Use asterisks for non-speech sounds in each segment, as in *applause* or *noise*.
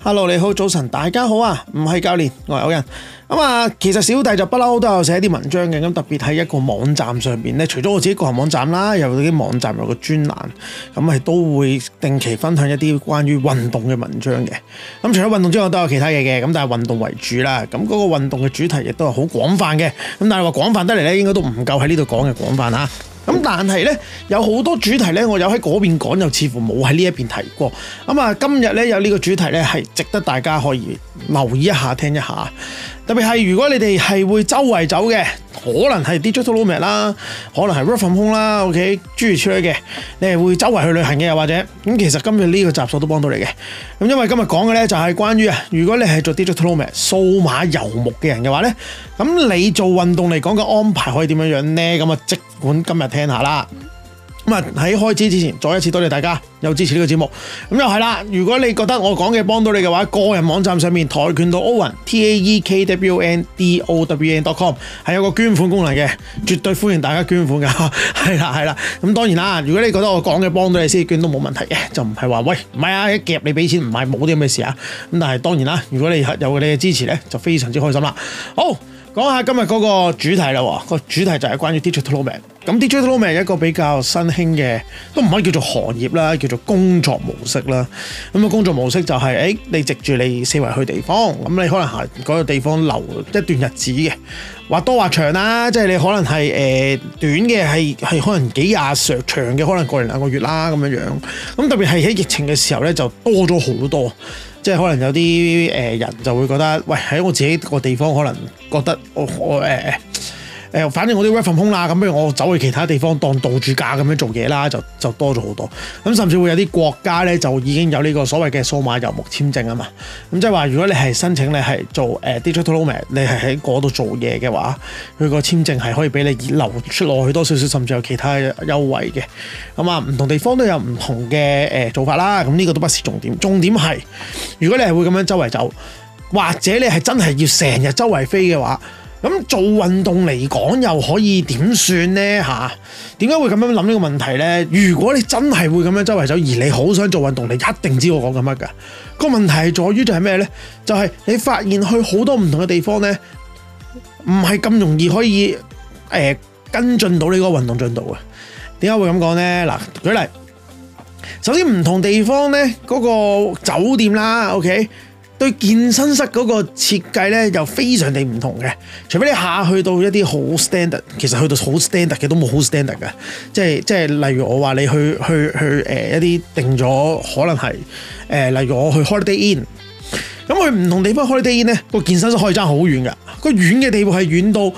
Hello，你好，早晨，大家好啊！唔係教練，我係歐人。咁啊，其實小弟就不嬲都有寫一啲文章嘅，咁特別喺一個網站上面咧，除咗我自己個人網站啦，有啲網站有個專欄，咁係都會定期分享一啲關於運動嘅文章嘅。咁除咗運動之外，都有其他嘢嘅，咁但係運動為主啦。咁嗰個運動嘅主題亦都係好廣泛嘅。咁但係話廣泛得嚟咧，應該都唔夠喺呢度講嘅廣泛吓。咁但係呢，有好多主題呢，我有喺嗰邊講，又似乎冇喺呢一邊提過。咁啊，今日呢，有呢個主題呢，係值得大家可以留意一下、聽一下。特別係如果你哋係會周圍走嘅。可能係 digital nomad 啦，可能係 roving h 啦，OK，諸如此類嘅，你係會周圍去旅行嘅，又或者咁，其實今日呢個集數都幫到你嘅。咁因為今日講嘅咧就係關於啊，如果你係做 digital nomad，數碼遊牧嘅人嘅話咧，咁你做運動嚟講嘅安排可以點樣樣咧？咁啊，即管今日聽，聽下啦。咁啊喺開始之前，再一次多謝大家有支持呢個節目。咁又係啦，如果你覺得我講嘅幫到你嘅話，個人網站上面跆拳道歐文 （T A E K W O N D O W E N dot com） 係有個捐款功能嘅，絕對歡迎大家捐款噶。係 *laughs* 啦，係啦。咁當然啦，如果你覺得我講嘅幫到你先捐都冇問題嘅，就唔係話喂，唔買啊一夾你俾錢唔買冇啲咁嘅事啊。咁但係當然啦，如果你有你嘅支持咧，就非常之開心啦。好。講下今日嗰個主題啦，個主題就係關於 digital nomad。咁 digital nomad 一個比較新興嘅，都唔可以叫做行業啦，叫做工作模式啦。咁個工作模式就係、是欸，你藉住你四圍去地方，咁你可能喺嗰個地方留、就是、一段日子嘅，話多話長啦，即、就、係、是、你可能係、呃、短嘅係可能幾廿上，長嘅可能個零兩個月啦咁樣樣。咁特別係喺疫情嘅時候咧，就多咗好多。即係可能有啲誒人就會覺得，喂，喺我自己個地方，可能覺得我我誒。呃誒，反正我啲 work from home 啦，咁不如我走去其他地方當道主假咁樣做嘢啦，就就多咗好多。咁甚至會有啲國家呢，就已經有呢個所謂嘅數碼遊牧簽證啊嘛。咁即係話，如果你係申請你係做誒 digital nomad，你係喺嗰度做嘢嘅話，佢個簽證係可以俾你留出落去多少少，甚至有其他優惠嘅。咁啊，唔同地方都有唔同嘅誒做法啦。咁呢個都不是重點，重點係如果你係會咁樣周圍走，或者你係真係要成日周圍飛嘅話。咁做運動嚟講又可以點算呢？嚇、啊？點解會咁樣諗呢個問題呢？如果你真係會咁樣周圍走，而你好想做運動，你一定知我講緊乜㗎？個問題係在於就係咩呢？就係、是、你發現去好多唔同嘅地方呢，唔係咁容易可以、呃、跟進到你個運動進度啊。點解會咁講呢？嗱，舉例，首先唔同地方呢，嗰個酒店啦，OK。對健身室嗰個設計咧，又非常地唔同嘅。除非你下去到一啲好 standard，其實去到好 standard 嘅都冇好 standard 噶。即係即係，例如我話你去去去誒、呃、一啲定咗，可能係誒、呃，例如我去 holiday inn，咁去唔同地方 holiday inn 咧，個健身室可以差好遠嘅。個遠嘅地步係遠到，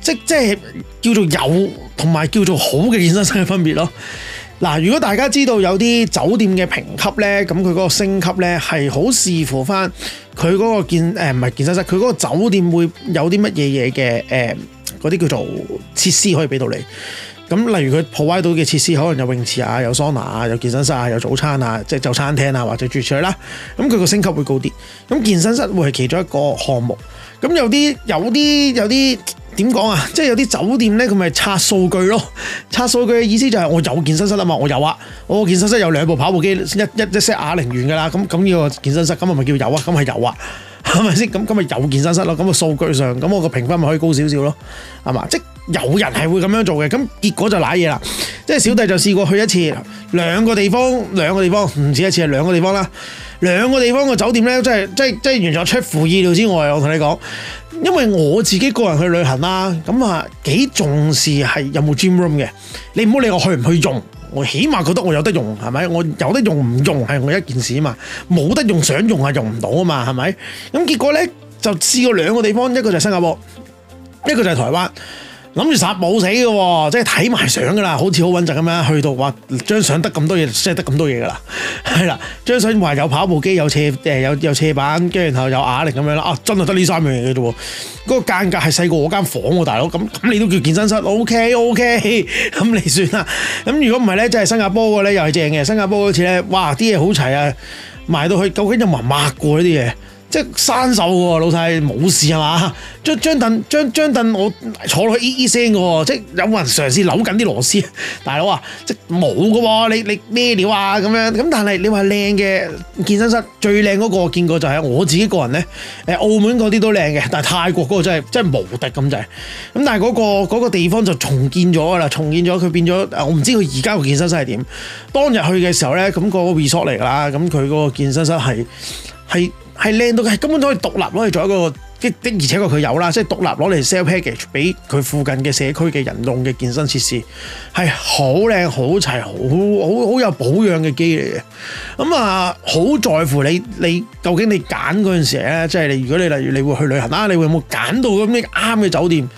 即即係叫做有同埋叫做好嘅健身室嘅分別咯。嗱，如果大家知道有啲酒店嘅評級呢，咁佢嗰個升級呢，係好視乎翻佢嗰個健，誒唔係健身室，佢嗰個酒店會有啲乜嘢嘢嘅，誒嗰啲叫做設施可以俾到你。咁例如佢 provide 到嘅設施，可能有泳池啊，有桑拿啊，有健身室啊，有早餐啊，即係就餐廳啊或者住處啦。咁佢個升級會高啲。咁健身室會係其中一個項目。咁有啲有啲有啲。有點講啊？即係有啲酒店咧，佢咪刷數據咯？刷數據嘅意思就係我有健身室啊嘛，我有啊，我健有個健身室有兩部跑步機，一一 set 啞鈴完噶啦。咁咁呢個健身室咁咪叫有啊？咁係有啊？係咪先？咁咁咪有健身室咯。咁個數據上，咁我個評分咪可以高少少咯，係嘛？即有人係會咁樣做嘅。咁結果就瀨嘢啦。即係小弟就試過去一次，兩個地方，兩個地方唔止一次係兩個地方啦。兩個地方嘅酒店咧，真係真真係完全出乎意料之外。我同你講。因為我自己個人去旅行啦，咁啊幾重視，係有冇 gym room 嘅，你唔好理我去唔去用，我起碼覺得我有得用，係咪？我有得用唔用係我一件事啊嘛，冇得用想用係用唔到啊嘛，係咪？咁結果呢，就試過兩個地方，一個就係新加坡，一個就係台灣。諗住殺冇死嘅，即係睇埋相噶啦，好似好穩陣咁樣，去到話張相得咁多嘢，即係得咁多嘢噶啦，係啦，張相話有跑步機，有斜誒、呃，有有斜板，跟住然後有啞鈴咁樣啦，啊，真係得呢三樣嘢嘅啫喎，嗰、嗰個間隔係細過我間房喎，大佬，咁咁你都叫健身室，O K O K，咁你算啦，咁如果唔係咧，真係新加坡嘅咧又係正嘅，新加坡好似咧，哇啲嘢好齊啊，埋到去，究竟有冇人抹過呢啲嘢？即係生手喎，老細冇事係嘛？張張凳張張凳我坐落去咦咦聲嘅喎，即係有冇人嘗試扭緊啲螺絲啊？大佬啊，即係冇嘅喎，你你咩料啊咁樣？咁但係你話靚嘅健身室最靚嗰個，見過就係我自己個人咧。誒，澳門嗰啲都靚嘅，但係泰國嗰個真係真係無敵咁滯。咁但係嗰個嗰個地方就重建咗嘅啦，重建咗佢變咗。我唔知佢而家個健身室係點。當日去嘅時候咧，咁個 resort 嚟㗎啦，咁佢嗰個健身室係係係靚到嘅，根本都可以獨立攞去做一個機的，而且確佢有啦，即係獨立攞嚟 sell package 俾佢附近嘅社區嘅人用嘅健身設施，係好靚、好齊、好好好有保養嘅機嚟嘅。咁啊，好在乎你你，你究竟你揀嗰陣時咧，即係你如果你例如你會去旅行啦，你會有冇揀到咁啱嘅酒店？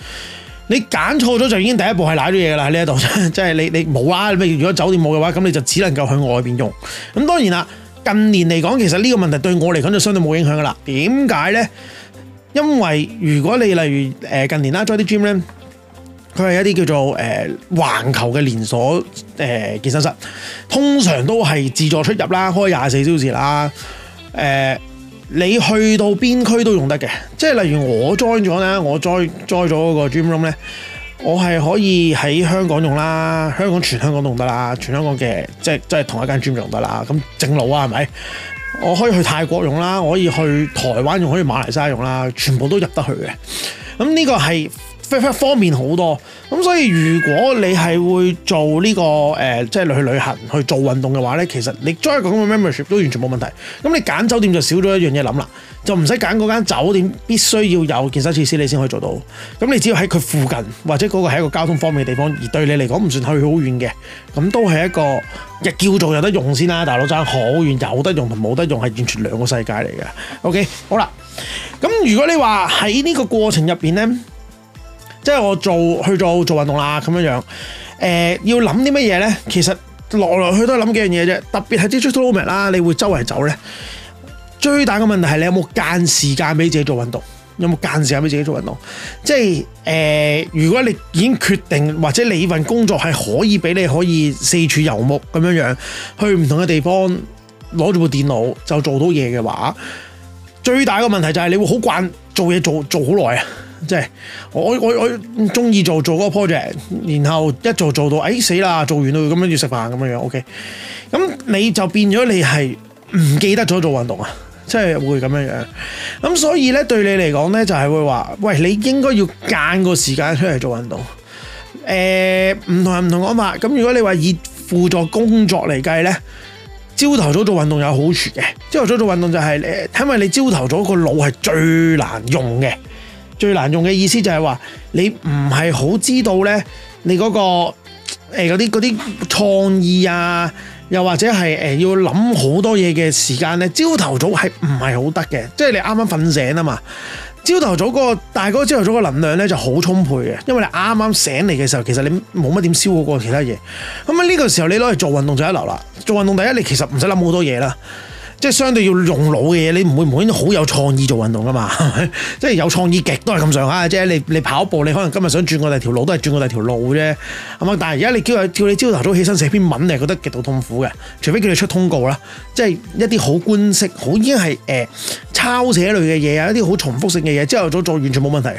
你揀錯咗就已經第一步係賴咗嘢啦喺呢一度，即係你你冇啦、啊。如果酒店冇嘅話，咁你就只能夠去外邊用。咁當然啦。近年嚟講，其實呢個問題對我嚟講就相對冇影響㗎喇。點解呢？因為如果你例如誒近年啦，join 啲 gym 咧，佢係一啲叫做誒、呃、環球嘅連鎖誒、呃、健身室，通常都係自助出入啦，開廿四小時啦。誒、呃，你去到邊區都用得嘅，即係例如我 join 咗呢，我 join join 咗嗰個 gym room 呢。我係可以喺香港用啦，香港全香港用得啦，全香港嘅，即係即係同一間 gym 用得啦。咁正路啊，係咪？我可以去泰國用啦，我可以去台灣用，可以去馬來西亞用啦，全部都入得去嘅。咁呢個係。方便好多咁，所以如果你係會做呢、呢個誒、呃，即係去旅行去做運動嘅話咧，其實你 join 個咁嘅 membership 都完全冇問題。咁你揀酒店就少咗一樣嘢諗啦，就唔使揀嗰間酒店必須要有健身設、設施，你先可以做到。咁你只要喺佢附近或者嗰個係一個交通方便嘅地方，而對你嚟講唔算去好遠嘅，咁都係一個亦叫做有得用先啦。大佬，爭好遠，有得用同冇得用係完全兩個世界嚟嘅。OK 好啦，咁如果你話喺呢個過程入邊咧。即係我做去做做運動啦咁樣樣，誒、呃、要諗啲乜嘢咧？其實來來去都係諗幾樣嘢啫。特別係啲 digital nomad 啦，你會周圍走咧。最大嘅問題係你有冇間時間俾自己做運動？有冇間時間俾自己做運動？即係誒、呃，如果你已經決定或者你份工作係可以俾你可以四處遊牧咁樣樣，去唔同嘅地方攞住部電腦就做到嘢嘅話，最大嘅問題就係、是、你會好慣做嘢做做好耐啊。即係我我我中意做做個 project，然後一做做到，哎死啦！做完都咁樣要食飯咁樣樣，OK。咁你就變咗你係唔記得咗做運動啊？即係會咁樣樣。咁所以咧，對你嚟講咧，就係會話，喂，你應該要揀個時間出嚟做運動。誒、呃，唔同人唔同講法。咁如果你話以輔助工作嚟計咧，朝頭早做運動有好處嘅。朝頭早做運動就係、是、你，因為你朝頭早個腦係最難用嘅。最難用嘅意思就係話，你唔係好知道呢，你嗰個誒嗰啲嗰啲創意啊，又或者係誒要諗好多嘢嘅時間呢，朝頭早係唔係好得嘅，即係你啱啱瞓醒啦嘛。朝頭早嗰、嗰個，大個朝頭早個能量呢就好充沛嘅，因為你啱啱醒嚟嘅時候，其實你冇乜點消耗過其他嘢。咁啊呢個時候你攞嚟做運動就一流啦，做運動第一你其實唔使諗好多嘢啦。即係相對要用腦嘅嘢，你唔會唔會好有創意做運動㗎嘛？ *laughs* 即係有創意極都係咁上下。即係你你跑步，你可能今日想轉過第條路都係轉過第條路啫。咁啊，但係而家你叫佢叫你朝頭早起身寫篇文，你係覺得極度痛苦嘅。除非叫你出通告啦，即係一啲好官式、好已經係誒抄寫類嘅嘢啊，一啲好重複性嘅嘢，朝頭早做完全冇問題，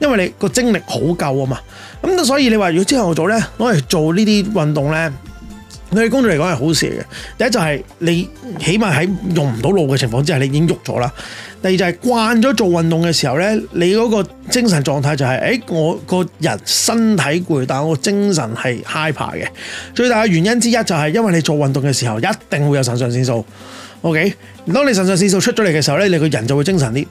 因為你個精力好夠啊嘛。咁所以你話如果朝頭早咧攞嚟做呢啲運動咧？對工作嚟講係好事嚟嘅。第一就係你起碼喺用唔到腦嘅情況之下，你已經喐咗啦。第二就係慣咗做運動嘅時候呢，你嗰個精神狀態就係、是：，誒、欸，我個人身體攰，但我精神係 hyper 嘅。最大嘅原因之一就係因為你做運動嘅時候一定會有腎上腺素。O、okay, K，當你腎上腺素出咗嚟嘅時候咧，你個人就會精神啲，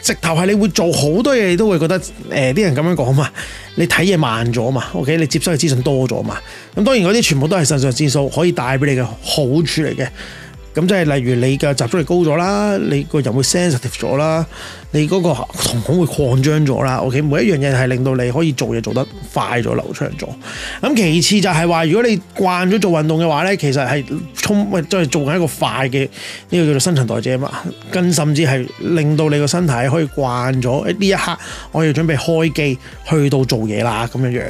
直頭係你會做好多嘢，你都會覺得誒啲、呃、人咁樣講啊嘛，你睇嘢慢咗啊嘛，O K，你接收嘅資訊多咗啊嘛，咁當然嗰啲全部都係腎上腺素可以帶俾你嘅好處嚟嘅，咁即係例如你嘅集中力高咗啦，你個人會 sensitive 咗啦。你嗰個瞳孔會擴張咗啦，OK？每一樣嘢係令到你可以做嘢做得快咗、流暢咗。咁其次就係話，如果你慣咗做運動嘅話咧，其實係充即係做緊一個快嘅呢個叫做新陳代謝啊嘛，更甚至係令到你個身體可以慣咗呢一刻我要準備開機去到做嘢啦咁樣樣。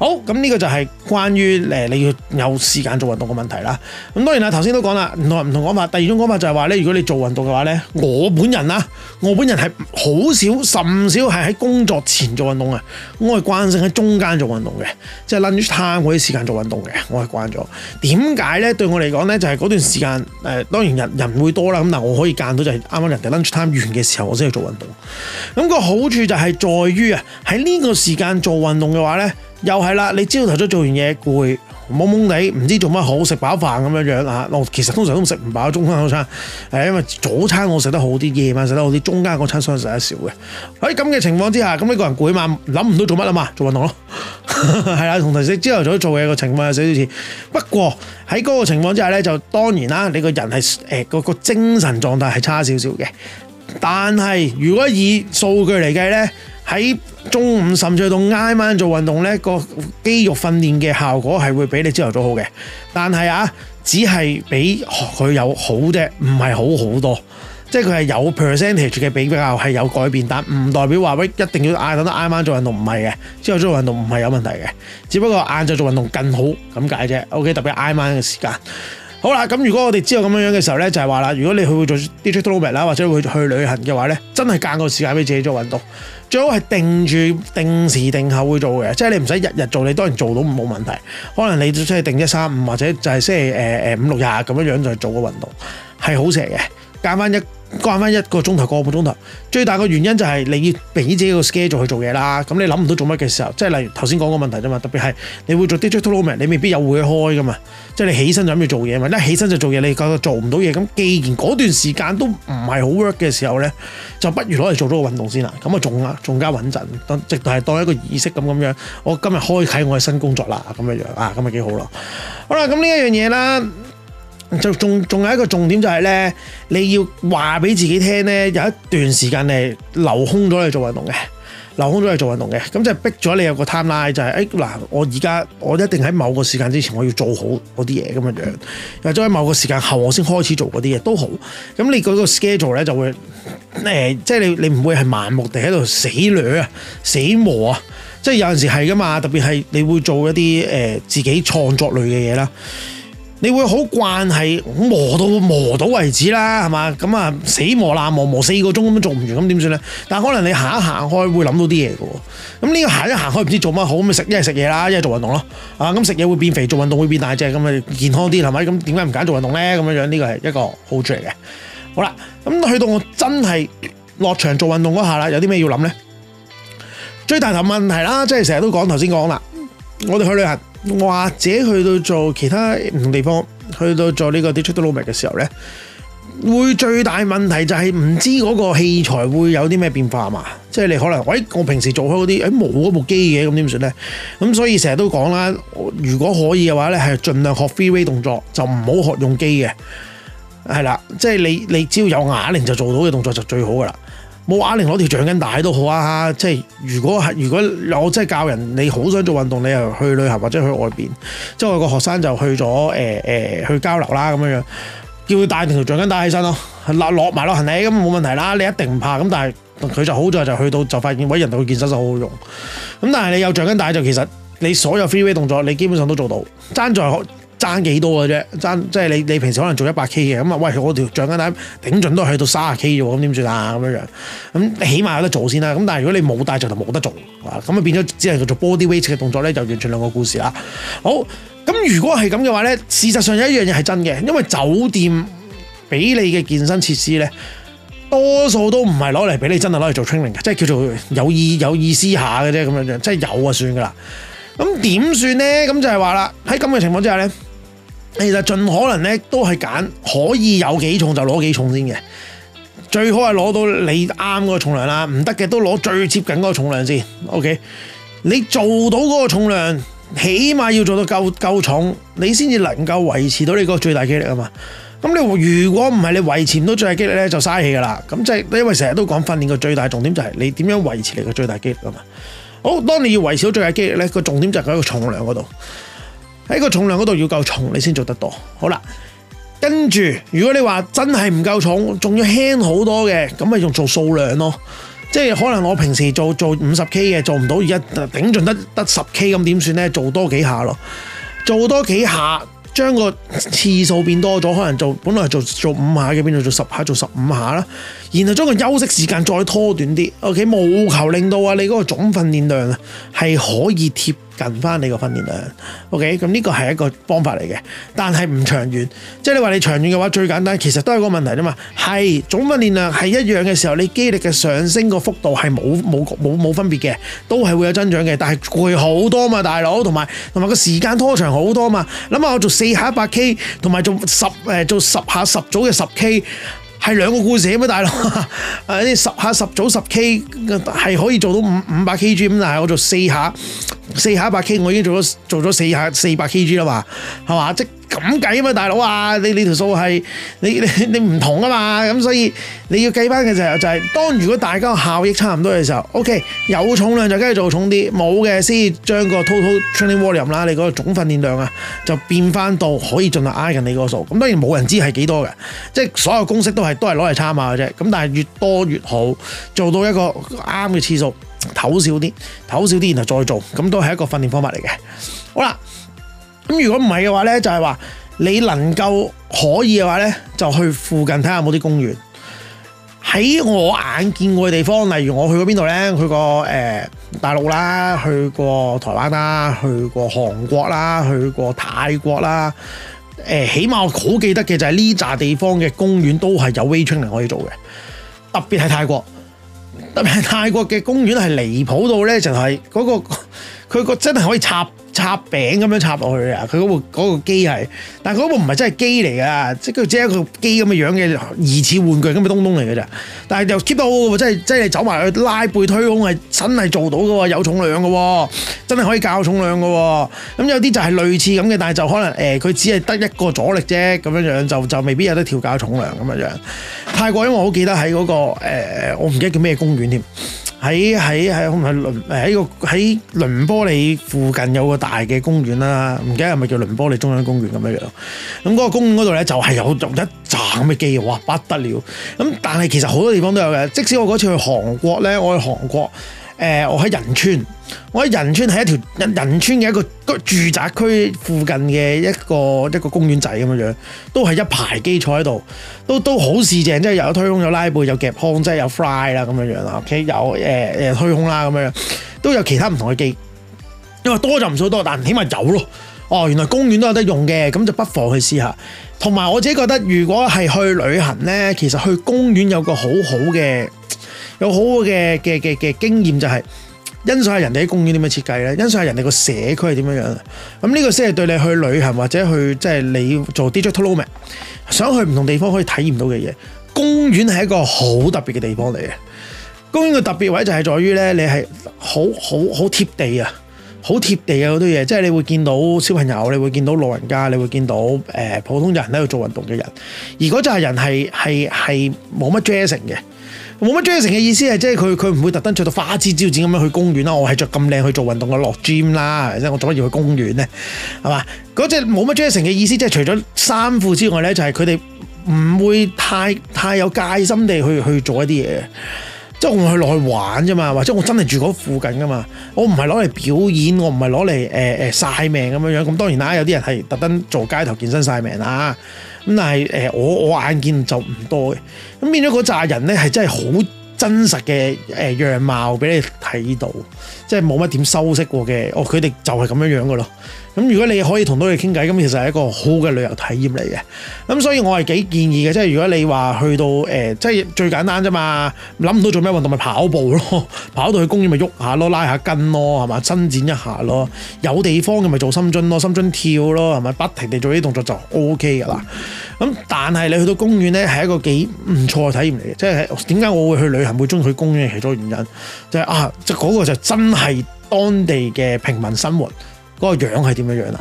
好，咁呢個就係關於誒你要有時間做運動嘅問題啦。咁當然啊，頭先都講啦，唔同唔同講法。第二種講法就係話咧，如果你做運動嘅話咧，我本人啊，我本人係。好少甚少係喺工作前做運動啊！我係慣性喺中間做運動嘅，即係 lunch time 嗰啲時間做運動嘅，我係慣咗。點解咧？對我嚟講咧，就係、是、嗰段時間誒、呃，當然人人會多啦。咁但我可以是剛剛揀到就係啱啱人哋 lunch time 完嘅時候，我先去做運動。咁、那個好處就係在於啊，喺呢個時間做運動嘅話咧，又係啦，你朝頭早做完嘢攰，懵懵地唔知做乜好，食飽飯咁樣樣嗱，我其實通常都食唔飽，中間嗰餐，係因為早餐我食得好啲，夜晚食得好啲，中間嗰餐想食得少嘅。喺咁嘅情況之下，咁呢個人攰晚，嘛，諗唔到做乜啊嘛，做運動咯，係 *laughs* 啦，同頭先朝頭早做嘢嘅情況有少少似。不過喺嗰個情況之下咧，就當然啦，你個人係誒、呃那個精神狀態係差少少嘅，但係如果以數據嚟計咧，喺中午甚至到挨晚做運動，呢個肌肉訓練嘅效果係會比你朝頭早好嘅，但係啊，只係比佢有好啫，唔係好好多，即係佢係有 percentage 嘅比較係有改變，但唔代表話喂，一定要挨等到挨晚做運動唔係嘅，朝頭早做運動唔係有問題嘅，只不過晏晝做運動更好咁解啫。OK，特別挨晚嘅時間。好啦，咁如果我哋知道咁樣樣嘅時候咧，就係話啦，如果你去做 digital nomad 啦，或者會去旅行嘅話咧，真係間個時間俾自己做運動，最好係定住定時定候會做嘅，即係你唔使日日做，你當然做到冇問題，可能你出係定一三五或者就係星期五六日咁樣樣就做個運動係好正嘅，間翻一。關翻一個鐘頭，個半鐘頭，最大嘅原因就係你要畀自己個 schedule 去做嘢啦。咁你諗唔到做乜嘅時候，即係例如頭先講個問題啫嘛。特別係你會做 digital nomad，你未必有會開噶嘛。即係你起身就諗住做嘢嘛，一起身就做嘢，你覺得做唔到嘢。咁既然嗰段時間都唔係好 work 嘅時候咧，就不如攞嚟做咗個運動先啦。咁啊，仲啊，仲加穩陣，直即係當一個儀式咁咁樣。我今日開啟我嘅新工作啦，咁樣樣啊，咁啊幾好啦。好啦，咁呢一樣嘢啦。仲仲仲有一個重點就係、是、咧，你要話俾自己聽咧，有一段時間你留空咗嚟做運動嘅，留空咗嚟做運動嘅，咁就逼咗你有個 timeline，就係誒嗱，我而家我一定喺某個時間之前我要做好嗰啲嘢咁樣樣，或者喺某個時間後我先開始做嗰啲嘢都好。咁你嗰個 schedule 咧就會誒，即、呃、係、就是、你你唔會係盲目地喺度死掠、啊、死磨啊，即、就、係、是、有陣時係噶嘛，特別係你會做一啲誒、呃、自己創作類嘅嘢啦。你會好慣係磨到磨到為止啦，係嘛？咁啊死磨爛磨，磨四個鐘咁都做唔完，咁點算咧？但可能你行一行開會諗到啲嘢喎。咁呢個行一行開唔知做乜好，咁咪食一係食嘢啦，一係做運動咯，啊咁食嘢會變肥，做運動會變大隻，咁咪健康啲係咪？咁點解唔揀做運動咧？咁樣樣呢個係一個好處嚟嘅。好啦，咁去到我真係落場做運動嗰下啦，有啲咩要諗咧？最大頭問題啦，即係成日都講頭先講啦，我哋去旅行。或者去到做其他唔同地方，去到做呢個 Digital Nomad 嘅時候咧，會最大問題就係唔知嗰個器材會有啲咩變化嘛。即係你可能，喂，我平時做開嗰啲，誒冇嗰部機嘅，咁點算咧？咁所以成日都講啦，如果可以嘅話咧，係盡量學 free way 動作，就唔好學用機嘅，係啦。即係你你只要有啞鈴就做到嘅動作就最好噶啦。冇啞鈴攞條橡筋帶都好啊！即係如果如果，我即係教人，你好想做運動，你又去旅行或者去外邊，即係我個學生就去咗、呃呃、去交流啦，咁樣叫佢帶條橡筋帶起身咯，落落埋落行李咁，冇問題啦，你一定唔怕。咁但係佢就好在就去到就發現，喂，人哋嘅健身就好好用。咁但係你有橡筋帶就其實你所有 free way 動作你基本上都做到，爭在爭幾多嘅啫？爭即係你你平時可能做一百 K 嘅咁啊，喂！我條橡筋頂盡都去到卅 K 啫喎，咁點算啊？咁樣樣咁起碼有得做先啦。咁但係如果你冇帶就冇得做，咁啊變咗只能做 body weight 嘅動作咧，就完全兩個故事啦。好咁，如果係咁嘅話咧，事實上有一樣嘢係真嘅，因為酒店俾你嘅健身設施咧，多數都唔係攞嚟俾你真係攞嚟做 training 嘅，即係叫做有意有意思下嘅啫，咁樣樣即係有啊算噶啦。咁點算咧？咁就係話啦，喺咁嘅情況之下咧。其實盡可能咧都係揀可以有幾重就攞幾重先嘅，最好係攞到你啱嗰個重量啦，唔得嘅都攞最接近嗰個重量先。OK，你做到嗰個重量，起碼要做到夠夠重，你先至能夠維持到你個最大肌力啊嘛。咁你如果唔係，你維持唔到最大肌力咧，就嘥氣噶啦。咁即係因為成日都講訓練個最大重點就係你點樣維持你個最大肌力啊嘛。好，當你要維持到最大肌力咧，個重點就喺個重量嗰度。喺個重量嗰度要夠重，你先做得多。好啦，跟住如果你話真係唔夠重，仲要輕好多嘅，咁咪用做數量咯。即係可能我平時做做五十 K 嘅，做唔到而家頂盡得得十 K，咁點算呢？做多幾下咯，做多幾下，將個次數變多咗，可能做本來做做五下嘅，變做做十下，做十五下啦。然後將個休息時間再拖短啲，OK，務求令到啊你嗰個總訓練量啊係可以貼近翻你個訓練量，OK，咁呢個係一個方法嚟嘅。但係唔長遠，即係你話你長遠嘅話，最簡單其實都係個問題啫嘛。係總訓練量係一樣嘅時候，你肌力嘅上升個幅度係冇冇冇冇分別嘅，都係會有增長嘅。但係攰好多嘛，大佬，同埋同埋個時間拖長好多嘛。諗下我做四下一百 K，同埋做十誒、呃、做十下十組嘅十 K。係兩個故事啊嘛，大佬誒、你、十下十組十 K，係可以做到五五百 KG 咁，500KG，但係我做四下。四下一百 K，我已經做咗做咗四下四百 Kg 啦嘛，係嘛？即係咁計啊嘛，大佬啊！你你條數係你你你唔同啊嘛，咁所以你要計翻嘅時候就係、是、當如果大家效益差唔多嘅時候，OK 有重量就梗係做重啲，冇嘅先將個 total training volume 啦，你嗰個總訓練量啊，就變翻到可以盡量挨近你個數。咁當然冇人知係幾多嘅，即係所有公式都係都係攞嚟參考嘅啫。咁但係越多越好，做到一個啱嘅次數。唞少啲，唞少啲，然後再做，咁都係一個訓練方法嚟嘅。好啦，咁如果唔係嘅話呢，就係、是、話你能夠可以嘅話呢，就去附近睇下冇啲公園。喺我眼見過嘅地方，例如我去過邊度呢？去過誒、呃、大陸啦，去過台灣啦，去過韓國啦，去過泰國啦。誒、呃，起碼我好記得嘅就係呢紮地方嘅公園都係有 weight training 可以做嘅，特別係泰國。特別係泰國嘅公園係離譜到咧、嗰個，就係嗰個佢個真係可以插。插餅咁樣插落去啊！佢嗰部嗰、嗰個機係，但係嗰部唔係真係機嚟㗎，即佢只係一個機咁嘅樣嘅疑似玩具咁嘅東東嚟㗎咋。但係又 keep 到嘅喎，即係真係走埋去拉背推胸係真係做到嘅喎，有重量嘅喎，真係可以教重量嘅喎。咁有啲就係類似咁嘅，但係就可能誒佢、欸、只係得一個阻力啫咁樣樣，就就未必有得調教重量咁樣樣。泰國因為我好記得喺嗰、嗰個、欸、我唔記得叫咩公園添。喺喺喺唔係倫誒喺個喺倫波利附近有個大嘅公園啦，唔記得係咪叫倫波利中央公園咁樣樣。咁、那、嗰個公園嗰度咧就係有用一盞嘅機器，哇不得了！咁但係其實好多地方都有嘅，即使我嗰次去韓國咧，我去韓國。誒、呃，我喺仁川，我喺仁川係一條仁仁川嘅一個住宅區附近嘅一個一個公園仔咁樣樣，都係一排機坐喺度，都都好試正，即係又有推胸、有拉背，有夾胸，即係有 fly 啦咁樣樣啦，OK，有誒誒、呃、推胸啦咁樣，都有其他唔同嘅機，因為多就唔算多，但係起碼有咯。哦，原來公園都有得用嘅，咁就不妨去試下。同埋我自己覺得，如果係去旅行咧，其實去公園有個好好嘅。有好嘅嘅嘅嘅經驗就係欣賞下人哋啲公園點樣設計咧，欣賞下人哋個社區係點樣樣。咁呢個先係對你去旅行或者去即係你做 digital nomad 想去唔同地方可以體驗到嘅嘢。公園係一個好特別嘅地方嚟嘅。公園嘅特別位就係在於咧，你係好好好貼地啊，好貼地啊嗰啲嘢。即係你會見到小朋友，你會見到老人家，你會見到誒、呃、普通人喺度做運動嘅人。而嗰陣係人係係係冇乜 dressing 嘅。冇乜 Jason 嘅意思係，即係佢佢唔會特登着到花枝招展咁樣去公園啦。我係着咁靚去做運動嘅落 gym 啦，即係我做乜要去公園咧？係嘛？嗰隻冇乜 Jason 嘅意思，即係除咗衫褲之外咧，就係佢哋唔會太太有戒心地去去做一啲嘢嘅。即係我係落去玩啫嘛，或者我真係住嗰附近噶嘛。我唔係攞嚟表演，我唔係攞嚟誒誒晒命咁樣樣。咁當然啦，有啲人係特登做街頭健身晒命啦。咁但係誒、呃，我我眼見就唔多嘅，咁變咗嗰扎人咧係真係好。真實嘅誒樣貌俾你睇到，即係冇乜點修飾過嘅，哦佢哋就係咁樣樣嘅咯。咁如果你可以同到佢傾偈，咁其實係一個好嘅旅遊體驗嚟嘅。咁所以我係幾建議嘅，即係如果你話去到誒、呃，即係最簡單啫嘛，諗唔到做咩運動咪跑步咯，跑到去公園咪喐下咯，拉下筋咯，係嘛，伸展一下咯，有地方嘅咪做深蹲咯，深蹲跳咯，係咪？不停地做呢啲動作就 O K 嘅啦。咁、嗯、但係你去到公園咧係一個幾唔錯嘅體驗嚟嘅，即係點解我會去旅行會鍾意去公園嘅其中原因，就係、是、啊，即係嗰個就是真係當地嘅平民生活嗰、那個樣係點樣樣啦，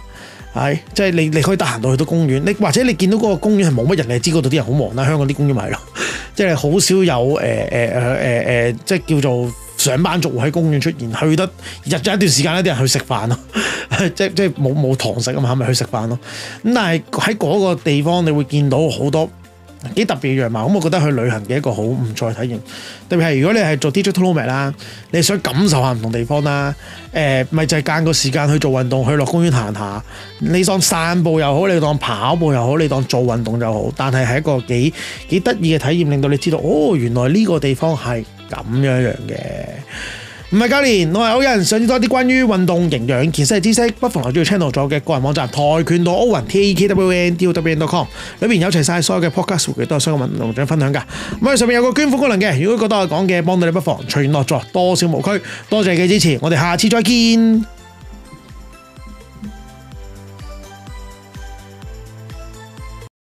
係即係你你可以得閒到去到公園，你或者你見到嗰個公園係冇乜人，你知嗰度啲人好忙啦，香港啲公園咪係咯，即係好少有誒誒誒誒誒，即係叫做。上班族喺公園出現，去得日咗一段時間咧，啲人去食飯咯， *laughs* 即即冇冇堂食啊嘛，咪去食飯咯。咁但係喺嗰個地方，你會見到好多幾特別嘅樣貌，咁我覺得去旅行嘅一個好唔錯嘅體驗。特別係如果你係做 digital nomad 啦，你想感受下唔同地方啦，誒、呃，咪就係、是、間個時間去做運動，去落公園行下，你當散步又好，你當跑步又好，你當做運動又好，但係係一個幾幾得意嘅體驗，令到你知道，哦，原來呢個地方係。咁樣樣嘅，唔係教練，我係 Owen。想知多啲關於運動營養健身嘅知識，不妨留意住 channel 咗嘅個人網站跆拳道 Owen taekwondowen.com，裏面有齊晒所有嘅 podcast，都係相關運動想分享噶。咁啊，上面有個捐款功能嘅，如果覺得我講嘅幫到你，不妨隨緣樂助，多少無拘，多謝你嘅支持，我哋下次再見。